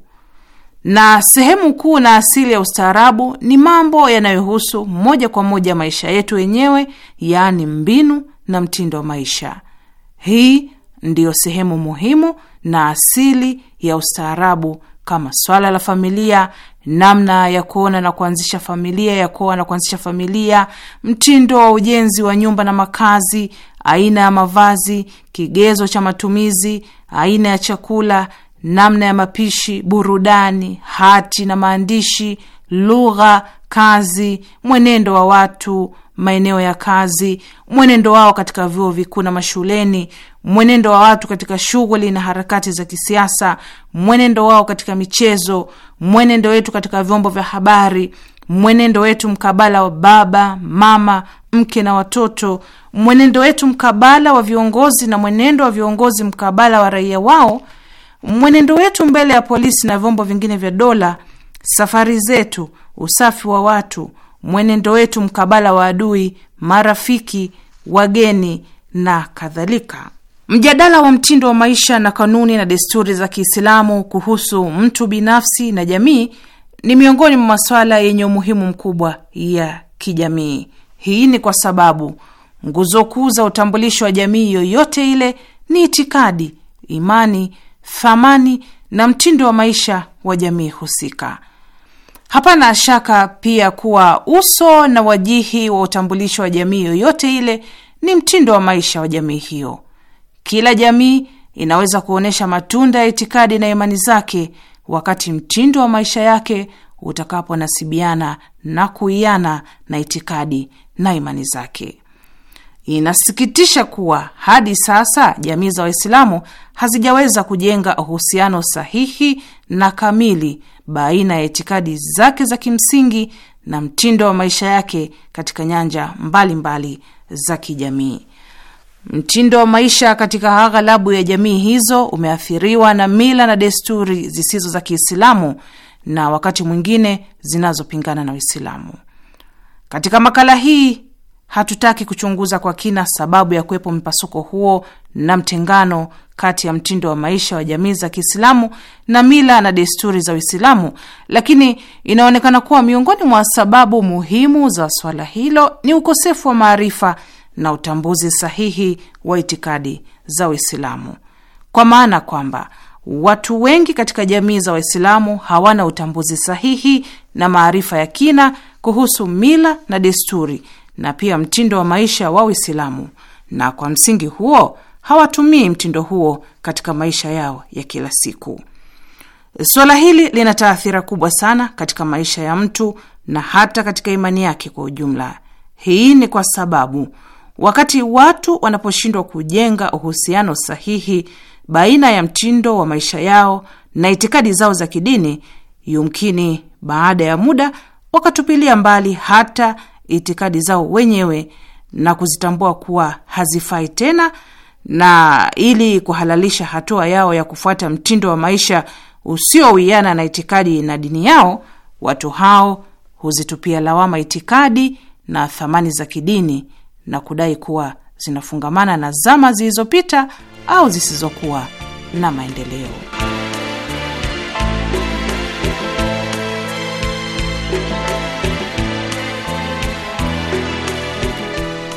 na sehemu kuu na asili ya ustaarabu ni mambo yanayohusu moja kwa moja maisha yetu yenyewe yaani mbinu na mtindo wa maisha. Hii ndiyo sehemu muhimu na asili ya ustaarabu, kama swala la familia, namna ya kuona na kuanzisha familia, ya kuoa na kuanzisha familia, mtindo wa ujenzi wa nyumba na makazi, aina ya mavazi, kigezo cha matumizi, aina ya chakula, namna ya mapishi, burudani, hati na maandishi, lugha, kazi, mwenendo wa watu maeneo ya kazi, mwenendo wao katika vyuo vikuu na mashuleni, mwenendo wa watu katika shughuli na harakati za kisiasa, mwenendo wao katika michezo, mwenendo wetu katika vyombo vya habari, mwenendo wetu mkabala wa baba, mama, mke na watoto, mwenendo wetu mkabala wa viongozi na mwenendo wa viongozi mkabala wa raia wao, mwenendo wetu mbele ya polisi na vyombo vingine vya dola, safari zetu, usafi wa watu mwenendo wetu mkabala wa adui, marafiki, wageni na kadhalika. Mjadala wa mtindo wa maisha na kanuni na desturi za Kiislamu kuhusu mtu binafsi na jamii ni miongoni mwa masuala yenye umuhimu mkubwa ya kijamii. Hii ni kwa sababu nguzo kuu za utambulisho wa jamii yoyote ile ni itikadi, imani, thamani na mtindo wa maisha wa jamii husika. Hapana shaka pia kuwa uso na wajihi wa utambulisho wa jamii yoyote ile ni mtindo wa maisha wa jamii hiyo. Kila jamii inaweza kuonyesha matunda ya itikadi na imani zake wakati mtindo wa maisha yake utakaponasibiana na kuiana na itikadi na imani zake. Inasikitisha kuwa hadi sasa jamii za Waislamu hazijaweza kujenga uhusiano sahihi na kamili baina ya itikadi zake za kimsingi na mtindo wa maisha yake katika nyanja mbalimbali za kijamii. Mtindo wa maisha katika aghalabu ya jamii hizo umeathiriwa na mila na desturi zisizo za Kiislamu na wakati mwingine zinazopingana na Uislamu. Katika makala hii Hatutaki kuchunguza kwa kina sababu ya kuwepo mpasuko huo na mtengano kati ya mtindo wa maisha wa jamii za Kiislamu na mila na desturi za Uislamu, lakini inaonekana kuwa miongoni mwa sababu muhimu za swala hilo ni ukosefu wa maarifa na utambuzi sahihi wa itikadi za Uislamu, kwa maana kwamba watu wengi katika jamii za Waislamu hawana utambuzi sahihi na maarifa ya kina kuhusu mila na desturi na pia mtindo wa maisha wa Uislamu, na kwa msingi huo hawatumii mtindo huo katika maisha yao ya kila siku. Suala hili lina taathira kubwa sana katika maisha ya mtu na hata katika imani yake kwa ujumla. Hii ni kwa sababu wakati watu wanaposhindwa kujenga uhusiano sahihi baina ya mtindo wa maisha yao na itikadi zao za kidini, yumkini baada ya muda wakatupilia mbali hata itikadi zao wenyewe na kuzitambua kuwa hazifai tena, na ili kuhalalisha hatua yao ya kufuata mtindo wa maisha usiowiana na itikadi na dini yao, watu hao huzitupia lawama itikadi na thamani za kidini na kudai kuwa zinafungamana na zama zilizopita au zisizokuwa na maendeleo.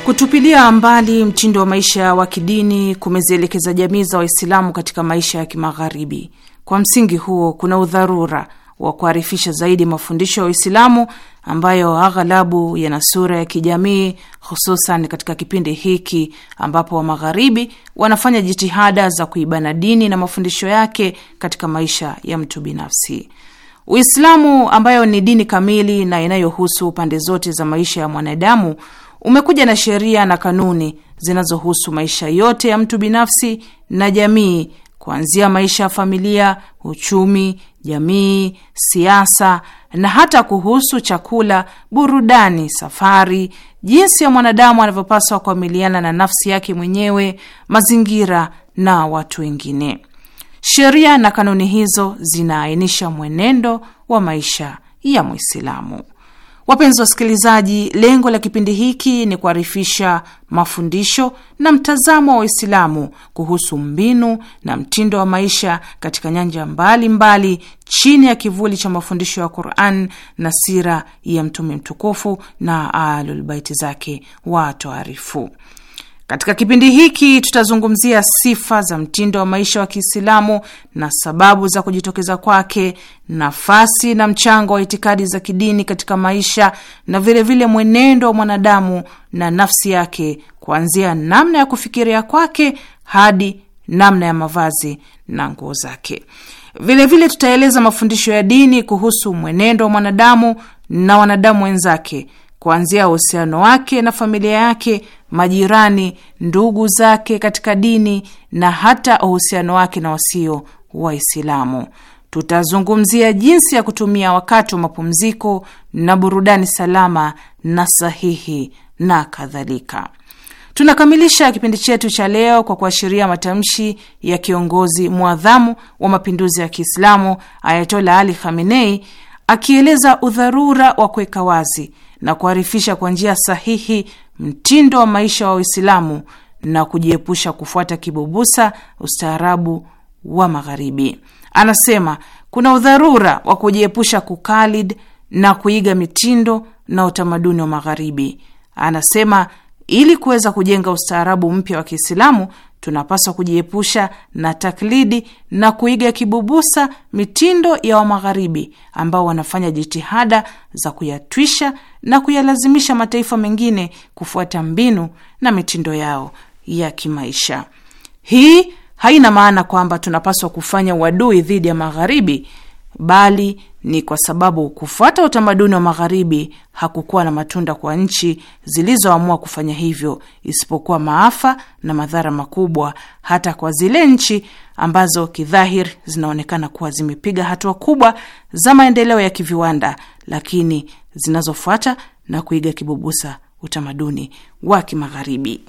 Kutupilia mbali mtindo wa maisha wa kidini kumezielekeza jamii za Waislamu katika maisha ya kimagharibi. Kwa msingi huo, kuna udharura wa kuharifisha zaidi mafundisho ya Uislamu ambayo aghalabu yana sura ya kijamii, hususan katika kipindi hiki ambapo wa magharibi wanafanya jitihada za kuibana dini na mafundisho yake katika maisha ya mtu binafsi. Uislamu ambayo ni dini kamili na inayohusu pande zote za maisha ya mwanadamu umekuja na sheria na kanuni zinazohusu maisha yote ya mtu binafsi na jamii, kuanzia maisha ya familia, uchumi, jamii, siasa na hata kuhusu chakula, burudani, safari, jinsi ya mwanadamu anavyopaswa kuamiliana na nafsi yake mwenyewe, mazingira na watu wengine. Sheria na kanuni hizo zinaainisha mwenendo wa maisha ya Mwislamu. Wapenzi wasikilizaji, lengo la kipindi hiki ni kuharifisha mafundisho na mtazamo wa Waislamu kuhusu mbinu na mtindo wa maisha katika nyanja mbalimbali mbali, chini ya kivuli cha mafundisho ya Quran na sira ya Mtume mtukufu na Alulbaiti zake watoarifu. Katika kipindi hiki tutazungumzia sifa za mtindo wa maisha wa Kiislamu na sababu za kujitokeza kwake, nafasi na mchango wa itikadi za kidini katika maisha na vilevile vile mwenendo wa mwanadamu na nafsi yake, kuanzia namna ya kufikiria kwake hadi namna ya mavazi na nguo zake. Vilevile tutaeleza mafundisho ya dini kuhusu mwenendo wa mwanadamu na wanadamu wenzake kuanzia uhusiano wake na familia yake, majirani, ndugu zake katika dini na hata uhusiano wake na wasio Waislamu. Tutazungumzia jinsi ya kutumia wakati wa mapumziko na burudani salama na sahihi na kadhalika. Tunakamilisha kipindi chetu cha leo kwa kuashiria matamshi ya kiongozi mwadhamu wa mapinduzi ya Kiislamu Ayatola Ali Khamenei akieleza udharura wa kuweka wazi na kuharifisha kwa njia sahihi mtindo wa maisha wa Uislamu na kujiepusha kufuata kibubusa ustaarabu wa Magharibi. Anasema kuna udharura wa kujiepusha kukalid na kuiga mitindo na utamaduni wa Magharibi. Anasema ili kuweza kujenga ustaarabu mpya wa Kiislamu tunapaswa kujiepusha na taklidi na kuiga kibubusa mitindo ya Wamagharibi ambao wanafanya jitihada za kuyatwisha na kuyalazimisha mataifa mengine kufuata mbinu na mitindo yao ya kimaisha. Hii haina maana kwamba tunapaswa kufanya uadui dhidi ya Magharibi, bali ni kwa sababu kufuata utamaduni wa magharibi hakukuwa na matunda kwa nchi zilizoamua kufanya hivyo, isipokuwa maafa na madhara makubwa, hata kwa zile nchi ambazo kidhahiri zinaonekana kuwa zimepiga hatua kubwa za maendeleo ya kiviwanda, lakini zinazofuata na kuiga kibubusa utamaduni wa kimagharibi.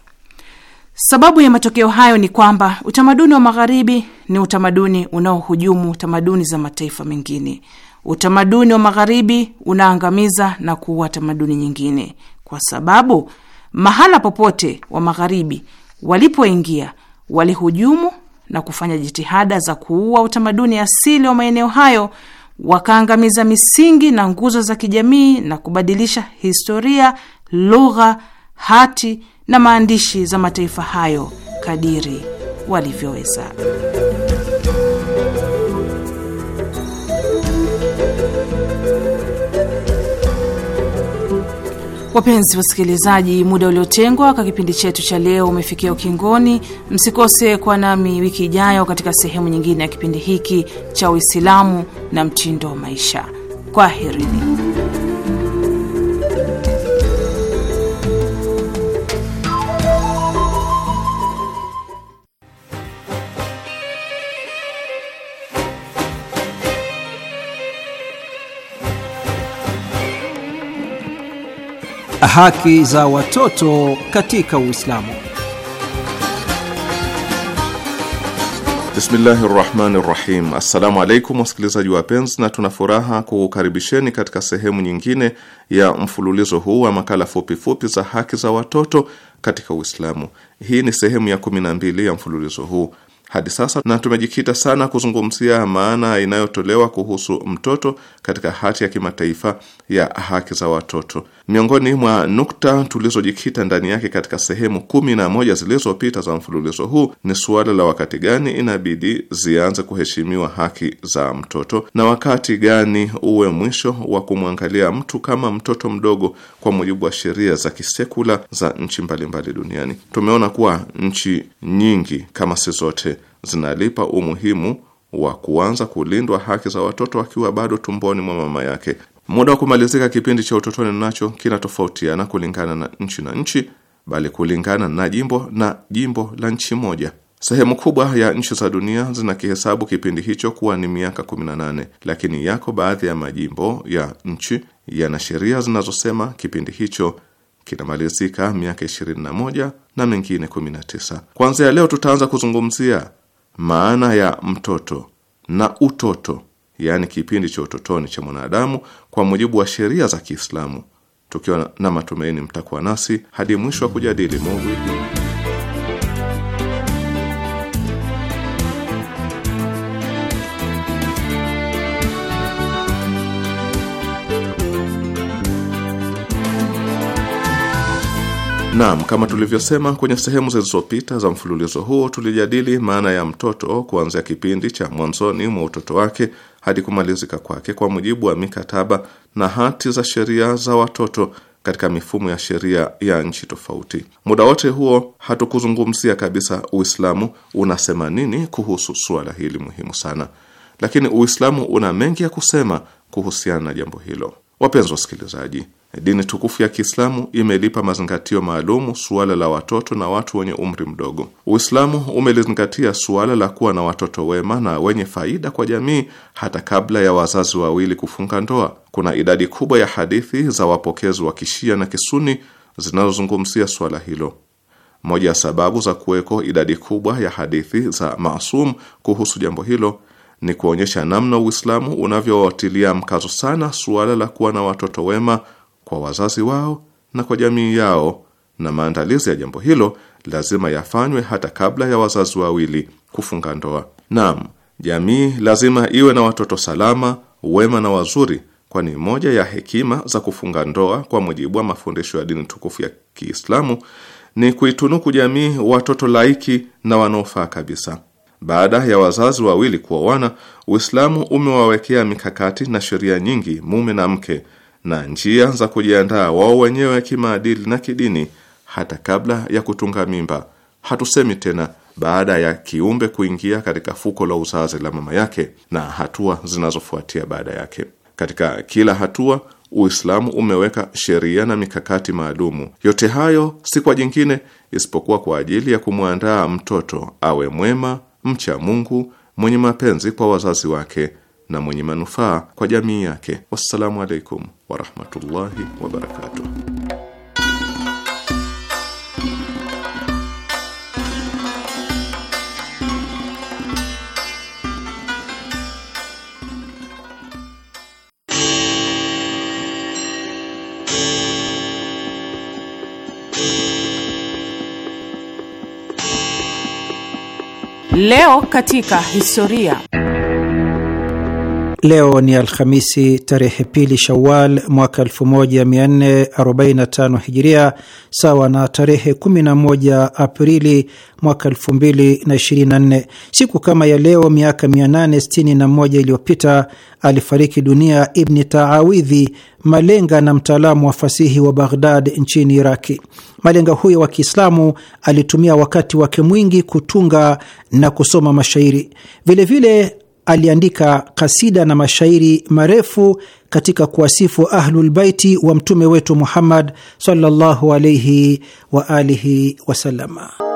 Sababu ya matokeo hayo ni kwamba utamaduni wa magharibi ni utamaduni unaohujumu tamaduni za mataifa mengine. Utamaduni wa magharibi unaangamiza na kuua tamaduni nyingine, kwa sababu mahala popote wa magharibi walipoingia walihujumu na kufanya jitihada za kuua utamaduni asili wa maeneo hayo, wakaangamiza misingi na nguzo za kijamii na kubadilisha historia, lugha, hati na maandishi za mataifa hayo kadiri walivyoweza. Wapenzi wasikilizaji, muda uliotengwa kwa kipindi chetu cha leo umefikia ukingoni. Msikose kwa nami wiki ijayo katika sehemu nyingine ya kipindi hiki cha Uislamu na mtindo wa maisha. Kwaherini. Haki za watoto katika Uislamu. Bismillahi rahmani rahim. Assalamu alaikum wasikilizaji wapenzi, na tuna furaha kukukaribisheni katika sehemu nyingine ya mfululizo huu wa makala fupifupi za haki za watoto katika Uislamu. Hii ni sehemu ya kumi na mbili ya mfululizo huu hadi sasa, na tumejikita sana kuzungumzia maana inayotolewa kuhusu mtoto katika hati ya kimataifa ya haki za watoto. Miongoni mwa nukta tulizojikita ndani yake katika sehemu kumi na moja zilizopita za mfululizo huu ni suala la wakati gani inabidi zianze kuheshimiwa haki za mtoto na wakati gani uwe mwisho wa kumwangalia mtu kama mtoto mdogo kwa mujibu wa sheria za kisekula za nchi mbalimbali duniani. Tumeona kuwa nchi nyingi kama si zote zinalipa umuhimu wa kuanza kulindwa haki za watoto wakiwa bado tumboni mwa mama yake Muda wa kumalizika kipindi cha utotoni nacho kina kinatofautiana kulingana na nchi na nchi, bali kulingana na jimbo na jimbo la nchi moja. Sehemu kubwa ya nchi za dunia zinakihesabu kipindi hicho kuwa ni miaka 18, lakini yako baadhi ya majimbo ya nchi yana sheria zinazosema kipindi hicho kinamalizika miaka 21 na mengine 19. Kwanza leo tutaanza kuzungumzia maana ya mtoto na utoto yaani kipindi cha utotoni cha mwanadamu kwa mujibu wa sheria za Kiislamu, tukiwa na matumaini mtakuwa nasi hadi mwisho wa kujadili maudhui Naam, kama tulivyosema kwenye sehemu zilizopita za mfululizo huo, tulijadili maana ya mtoto kuanzia kipindi cha mwanzoni mwa utoto wake hadi kumalizika kwake kwa mujibu wa mikataba na hati za sheria za watoto katika mifumo ya sheria ya nchi tofauti. Muda wote huo hatukuzungumzia kabisa Uislamu unasema nini kuhusu suala hili muhimu sana, lakini Uislamu una mengi ya kusema kuhusiana na jambo hilo. Wapenzi wasikilizaji, Dini tukufu ya Kiislamu imelipa mazingatio maalumu suala la watoto na watu wenye umri mdogo. Uislamu umelizingatia suala la kuwa na watoto wema na wenye faida kwa jamii hata kabla ya wazazi wawili kufunga ndoa. Kuna idadi kubwa ya hadithi za wapokezi wa Kishia na Kisuni zinazozungumzia suala hilo. Moja ya sababu za kuweko idadi kubwa ya hadithi za Masum kuhusu jambo hilo ni kuonyesha namna Uislamu unavyowatilia mkazo sana suala la kuwa na watoto wema kwa wazazi wao na kwa jamii yao, na maandalizi ya jambo hilo lazima yafanywe hata kabla ya wazazi wawili kufunga ndoa. Naam, jamii lazima iwe na watoto salama, wema na wazuri, kwani moja ya hekima za kufunga ndoa kwa mujibu wa mafundisho ya dini tukufu ya Kiislamu ni kuitunuku jamii watoto laiki na wanaofaa kabisa. Baada ya wazazi wawili kuoana, Uislamu umewawekea mikakati na sheria nyingi mume na mke na njia za kujiandaa wao wenyewe kimaadili na kidini hata kabla ya kutunga mimba, hatusemi tena baada ya kiumbe kuingia katika fuko la uzazi la mama yake na hatua zinazofuatia baada yake. Katika kila hatua Uislamu umeweka sheria na mikakati maalumu. Yote hayo si kwa jingine isipokuwa kwa ajili ya kumwandaa mtoto awe mwema, mcha Mungu, mwenye mapenzi kwa wazazi wake na mwenye manufaa kwa jamii yake. Wassalamu alaikum wa rahmatullahi wa barakatuh. Leo katika historia Leo ni Alhamisi tarehe pili Shawal mwaka 1445 Hijiria, sawa na tarehe 11 Aprili mwaka 2024. Siku kama ya leo miaka 861 iliyopita alifariki dunia Ibni Taawidhi, malenga na mtaalamu wa fasihi wa Baghdad nchini Iraki. Malenga huyo wa Kiislamu alitumia wakati wake mwingi kutunga na kusoma mashairi vilevile vile, aliandika kasida na mashairi marefu katika kuwasifu Ahlulbaiti wa mtume wetu Muhammad sallallahu alaihi wa alihi wasalama.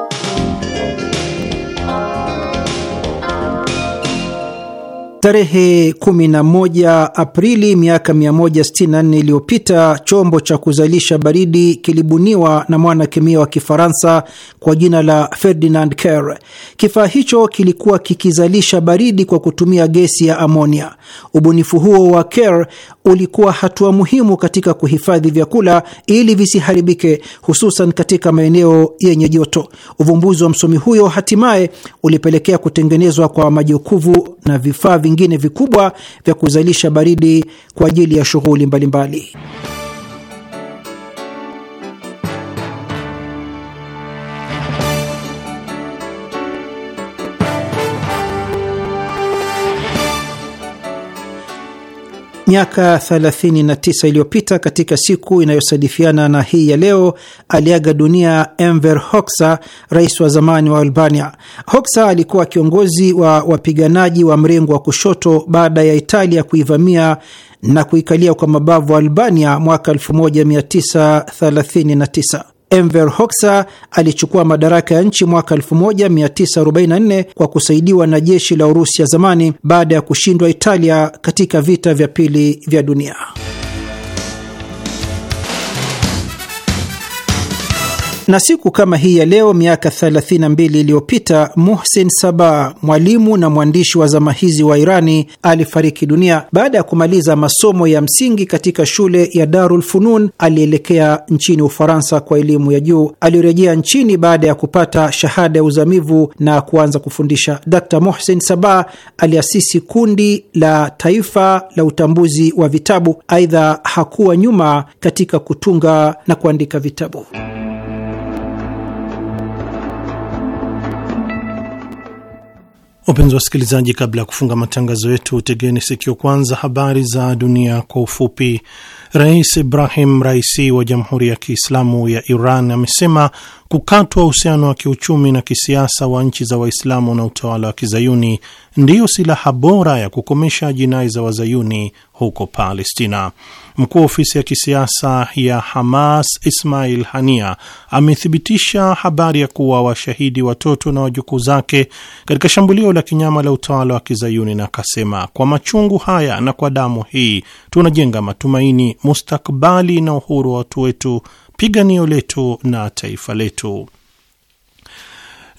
Tarehe 11 Aprili miaka 164 iliyopita chombo cha kuzalisha baridi kilibuniwa na mwanakemia wa Kifaransa kwa jina la Ferdinand Care. Kifaa hicho kilikuwa kikizalisha baridi kwa kutumia gesi ya amonia. Ubunifu huo wa Care ulikuwa hatua muhimu katika kuhifadhi vyakula ili visiharibike, hususan katika maeneo yenye joto. Uvumbuzi wa msomi huyo hatimaye ulipelekea kutengenezwa kwa majokovu na vifaa vingine vikubwa vya kuzalisha baridi kwa ajili ya shughuli mbalimbali. Miaka 39 iliyopita katika siku inayosadifiana na hii ya leo aliaga dunia Enver Hoxha, rais wa zamani wa Albania. Hoxha alikuwa kiongozi wa wapiganaji wa mrengo wa kushoto baada ya Italia kuivamia na kuikalia kwa mabavu Albania mwaka 1939. Enver Hoxha alichukua madaraka ya nchi mwaka 1944 kwa kusaidiwa na jeshi la Urusi ya zamani baada ya kushindwa Italia katika vita vya pili vya dunia. Na siku kama hii ya leo miaka 32 iliyopita Muhsin Saba, mwalimu na mwandishi wa zama hizi wa Irani, alifariki dunia. Baada ya kumaliza masomo ya msingi katika shule ya Darul Funun, alielekea nchini Ufaransa kwa elimu ya juu. Alirejea nchini baada ya kupata shahada ya uzamivu na kuanza kufundisha. Dr Muhsin Saba aliasisi kundi la taifa la utambuzi wa vitabu. Aidha, hakuwa nyuma katika kutunga na kuandika vitabu. Wapenzi wasikilizaji, kabla ya kufunga matangazo yetu, tegeni sikio kwanza habari za dunia kwa ufupi. Rais Ibrahim Raisi wa Jamhuri ya Kiislamu ya Iran amesema kukatwa uhusiano wa kiuchumi na kisiasa wa nchi za Waislamu na utawala wa kizayuni ndiyo silaha bora ya kukomesha jinai za wazayuni huko Palestina. Mkuu wa ofisi ya kisiasa ya Hamas Ismail Hania amethibitisha habari ya kuwa washahidi watoto na wajukuu zake katika shambulio la kinyama la utawala wa Kizayuni, na akasema, kwa machungu haya na kwa damu hii tunajenga matumaini, mustakbali na uhuru wa watu wetu, piganio letu na taifa letu.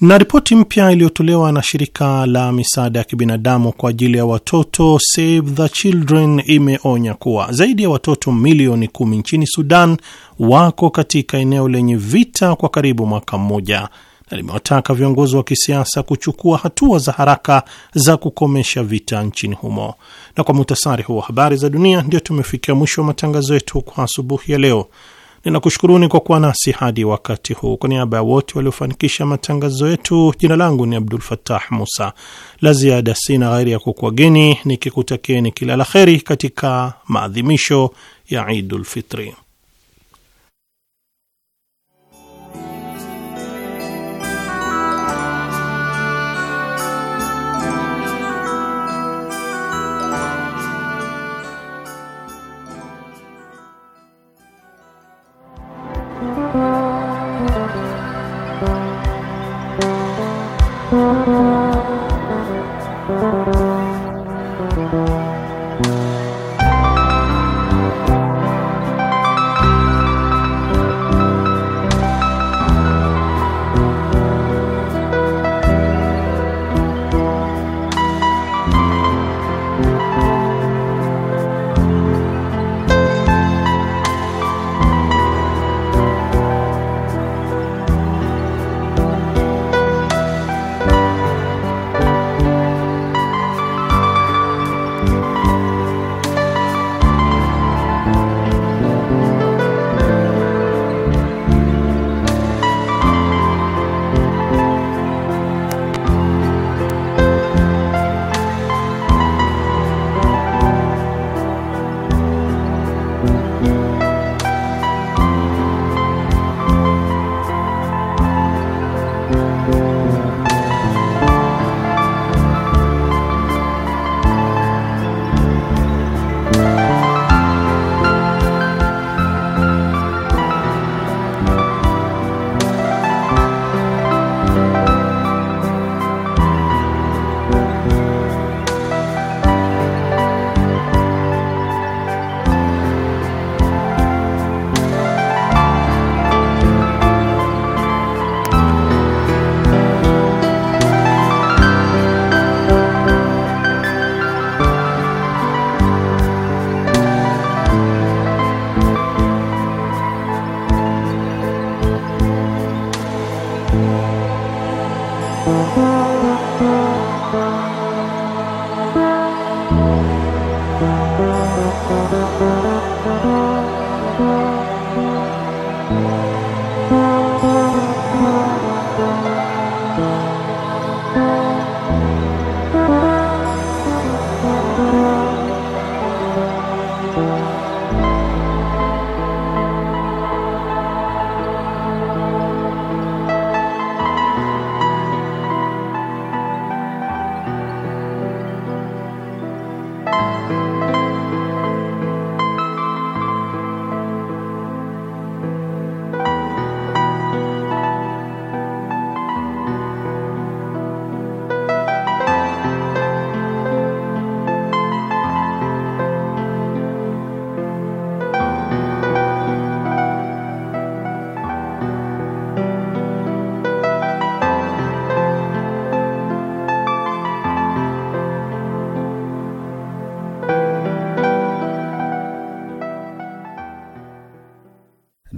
Na ripoti mpya iliyotolewa na shirika la misaada ya kibinadamu kwa ajili ya watoto Save the Children imeonya kuwa zaidi ya watoto milioni kumi nchini Sudan wako katika eneo lenye vita kwa karibu mwaka mmoja, na limewataka viongozi wa kisiasa kuchukua hatua za haraka za kukomesha vita nchini humo. Na kwa muhtasari huo habari za dunia, ndio tumefikia mwisho wa matangazo yetu kwa asubuhi ya leo. Ninakushukuruni kwa kuwa nasi hadi wakati huu. Kwa niaba ya wote waliofanikisha matangazo yetu, jina langu ni Abdul fatah Musa. La ziada sina ghairi ya geni nikikutakieni kila la kheri katika maadhimisho ya Idul Fitri.